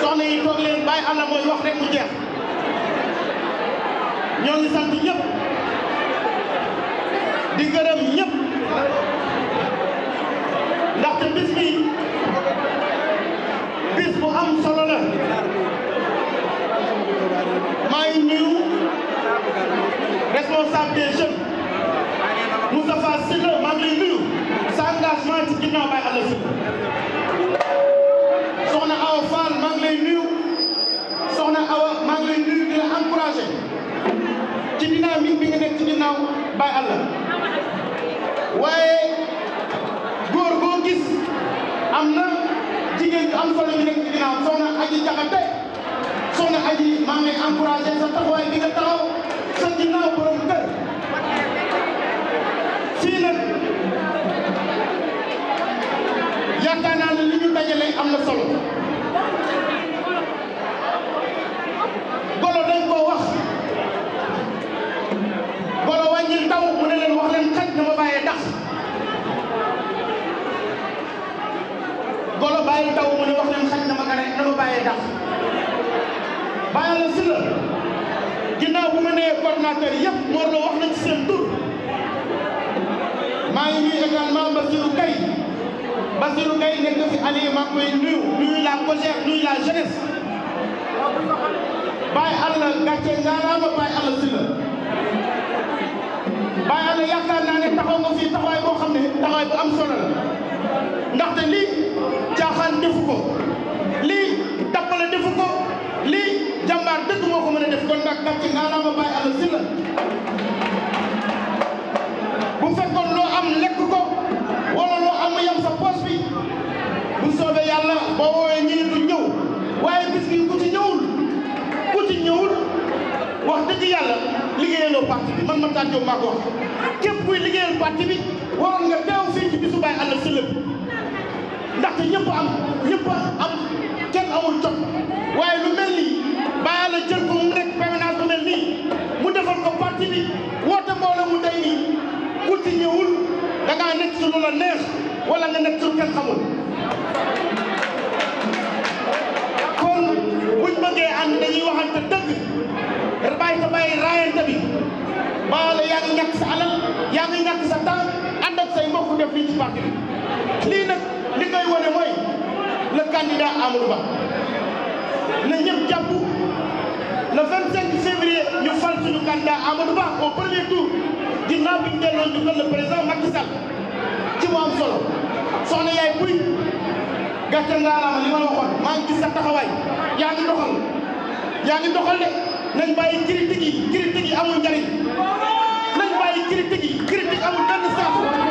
soxna yi toog leen bàyyi àlla mooy wax rek mu jeex ñoo ngi sant ñëpp di gërëm ñëpp ndaxte bis bi bis bu am solo la maa ngi nuyu responsable des jeunes Moustapha Sylla maa ngi lay engagement ci ginnaaw soxna Awa Fall maa lay nuyu soxna Awa maa ngi lay nuyu bi nga nekk ci ginnaaw Baye Alla waaye góor boo gis am na jigéen ju am solo bi nekk ci ginnaaw soxna Aji Jaxate soxna Aji maa ngi sa taxawaay bi nga taxaw tax bàyyi la si la ginnaaw bu ma nee coordonnateur yëpp Mor Lo wax na ci seen tur maa ngi nuyu également Basirou Gueye Basirou Gueye nekk fi Aliou maa ngi koy nuyu nuyu la COJER nuyu la jeunesse bàyyi àll gàcce ngaaraama bàyyi àll si la bàyyi àll yaakaar naa ne taxaw nga fii taxawaay boo xam ne taxawaay bu am solo la ndaxte lii caaxaan defu ko. liggéeyaloo parti bi man ko wax képp kuy liggéeyal parti nga teew fii ci bisu Baye Alla Sylla ndaxte ñëpp am ñëpp am kenn amul jot waaye lu mel nii Baye Alla jël mu nekk permanence bu nii mu defal ko parti bi woote mbooloo mu day nii ku ci ñëwul da ngaa nekk ci lu la neex wala nga nekk ci kenn xamul kon buñ bëggee ànd dañuy waxante dëgg bàyyi te bàyyi raayante bi maa la yaa ngi ñàkk sa alal yaa ngi ñàkk sa a ànd say mbokk def lii lii nag li koy wane mooy le candidat Amadou Ba na ñëpp jàpp le 25 février ñu fal suñu candidat Amadou Ba au premier tour ginnaaw bi ñu delloo ñu ko le président Macky ci mu am solo soxna yaay buy gàcce ngaa la li ma maa ngi gis sa taxawaay yaa ngi doxal yaa ngi doxal de nañ bàyyi critique yi critique yi amul njariñ bàyyi critique yi critique amul benn sens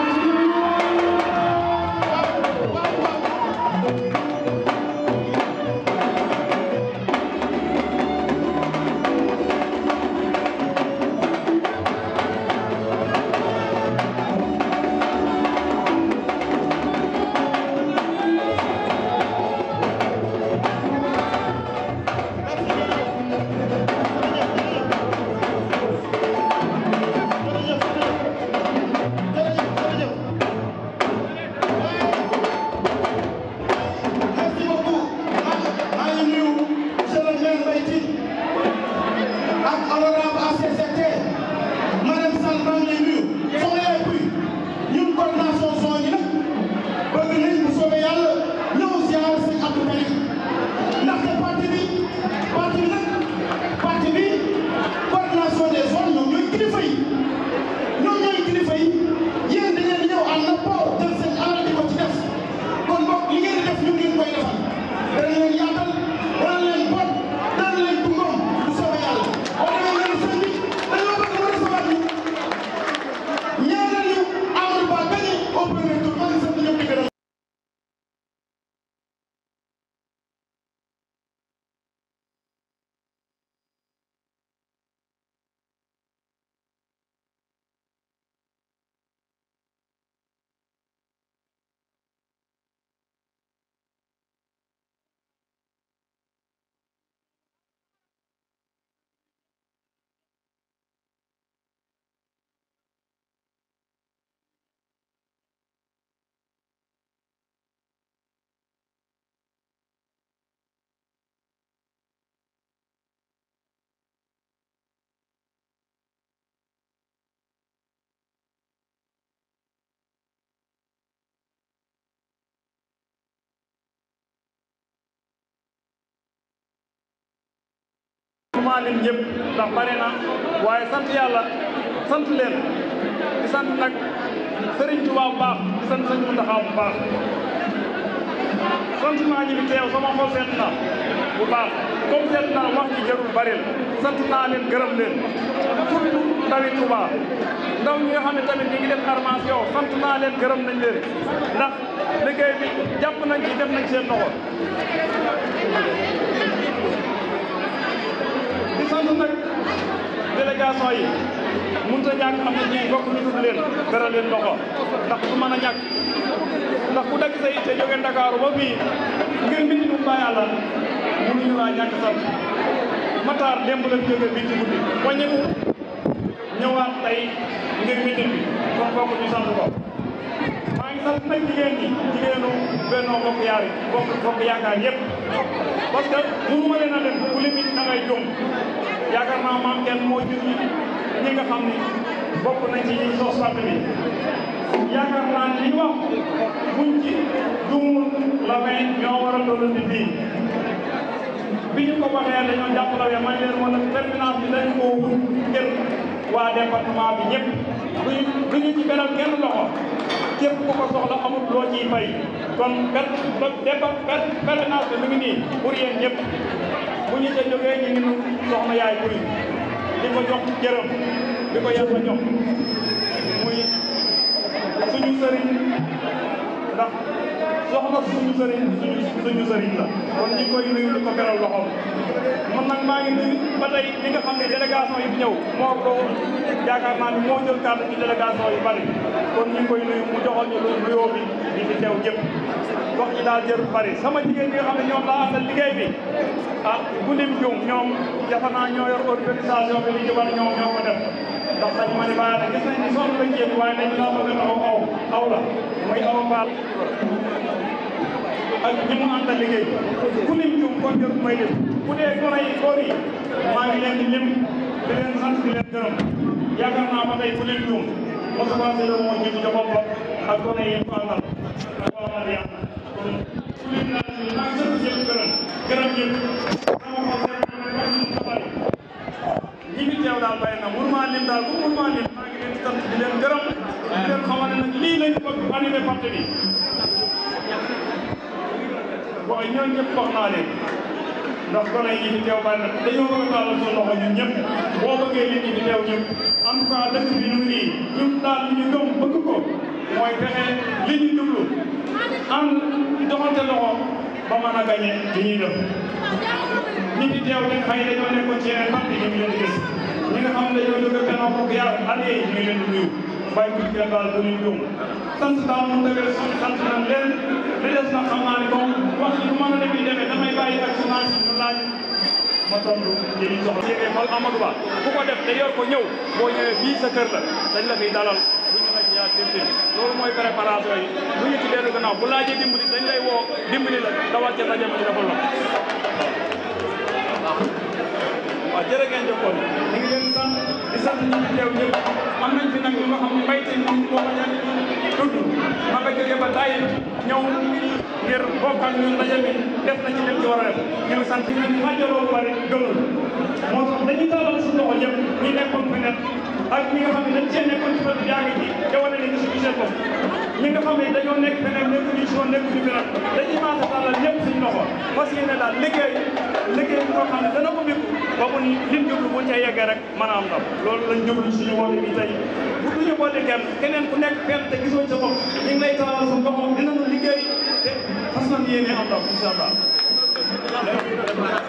mënuma lim ñëpp na waaye sant yàlla sant leen di sant nag Serigne Touba bu baax di sant Serigne Mountakha bu baax sant naa ñi fi teew sama xol seet na naa wax ji jarul bari sant naa leen gërëm leen surtout ndawi Touba ndaw ñi nga xam ne tamit ñi ngi def sant naa leen gërëm nañ leen ndax liggéey bi jàpp nañ ci def nañ seen loxo di sant nag délégation yi mënut a ñàkk am na ñuy bokk ñu tudd leen beral leen loxo ndax du mën a ñàkk ndax ku dagg sa yitte jóge Ndakaaru ba fii ngir mbir mu bàyyi àlla mënuñu laa ñàkk sant Matar démb la jóge bii ci guddi wàññiku ñëwaat tey ngir mbir bi kon kooku ñu sant ko ndax nag jigéen jigéenu Benno Bokk Yaar Bokk Bokk Yaakaar yëpp parce que mënu ma leen a leen ku limit da yaakaar naa maam kenn moo jur ñi nga xam ni bokk nañ ci ñi sos yaakaar naa li ñu wax buñ ci ñoo war a doon di bii bi ñu ko waxee dañoo jàppale man leen moo nag bi dañ koo wut ngir waa département bi ñëpp duñu duñu ci beral kenn loxo képp ku ko soxla amul loo ciy fay kon kat dépa kat parrainage bi mi ngi nii pour bu ñu ca jógee ñu ngi soxna yaay buri di ko jox jërëm di ko yàlla jox muy suñu sëriñ ndax soxna suñu sëriñ suñu suñu sëriñ la kon ñi koy nuyu di ko beral loxoom man nag maa ngi nuyu ba tey li nga xam ne délégation yi ñëw moo ko yaakaar naa ni moo jël kàddu ci délégation yu bari koy nuyu mu joxal ñu lu nuyoo bi di fi teew jëpp wax ji daal jëru bari sama jigéen ñi nga xam ne ñoom laa àndal liggéey bi ah bu jum ñoom jafe naa ñoo yor organisation bi li ci war ñoom ñoo ko def ndax ma ne baax na gis nañ ni sonn lañ jéem waaye dañ ñoo bëgg na ko aw aw mooy awa mbaal ak ñi mu àndal liggéey ku lim jum kon jot may def bu dee gone yi góor maa ngi leen di lim di sant di leen gërëm yaakaar naa ba tey ku lim jum mosu passé la moo jiitu ca boppam ak gone yi mu àndal ak waa Mariam ku lim naa ci maa ngi sant yëpp gërëm gërëm na ma ñu bari ñi ku mënu maa lim jëmee parti bi waaye ñooñu ñëpp wax naa leen ndax gone yi fi teew bari na dañoo bëgg a taalal suñu loxo ñun ñëpp boo bëggee nit ñi di teew ñëpp en tout cas dëkk bi ñun nii ñun daal li ñu gëm bëgg ko mooy fexe li ñu jublu am doxante loxo ba mën a gañe li ñuy def ñi fi teew ne xëy dañoo nekkoon ci yeneen parti ñu ngi leen di gis ñi nga xam ne dañoo jóge Benno Bokk Yaakaar at yii ñu ngi leen di nuyu bàyyi ko ci daal bu ñu juum sant daal mu dëgër suñu sant daal leen li des na xam naa ne comme wax lu mën a demee demee damay bàyyi ku ko def te yor ko ñëw boo ñëwee fii sa dañ la fiy dalal bu ñu xaj yaa dimtin loolu mooy préparation yi bu ñu ci dellu gannaaw bu laajee dimbali dañ lay woo dimbali la dawal ca ndaje ma la waaw jërë ngeen jëfoon ñu ngi leen sant di sant ñi fi teew ñëpp am nañ fi nag ñu nga xam ne mbay tey moom moo ko ñaan tudd ma bëgg ba tàyyi ñëw ngir bokkal ñun rajo bi def na ci lépp ci war a def ñu ngi sant ñun xaajaloo ba pare gëmul moo tax dañuy taalal suñu loxo ñëpp ñi nekkoon fi nekk ak ñi nga xam ne dañ cee nekkoon ci fële yaa ngi ci te wane nañu suñu seen bopp ñi nga xam ne dañoo nekk feneen nekkuñu si woon nekkuñu fi nag dañuy maasa taalal ñëpp yéene daal liggéey liggéey boo xam ne dana ko bépp ba mu liñ jublu buñ ca yeggee rek mën a am loolu lañ jublu suñu woote bi tey bu duñu woote kenn keneen ku nekk kenn te gisoo sa bopp ñu ngi lay taalal sa bopp dinañu liggéey te fas nañ yéene am ndam incha allah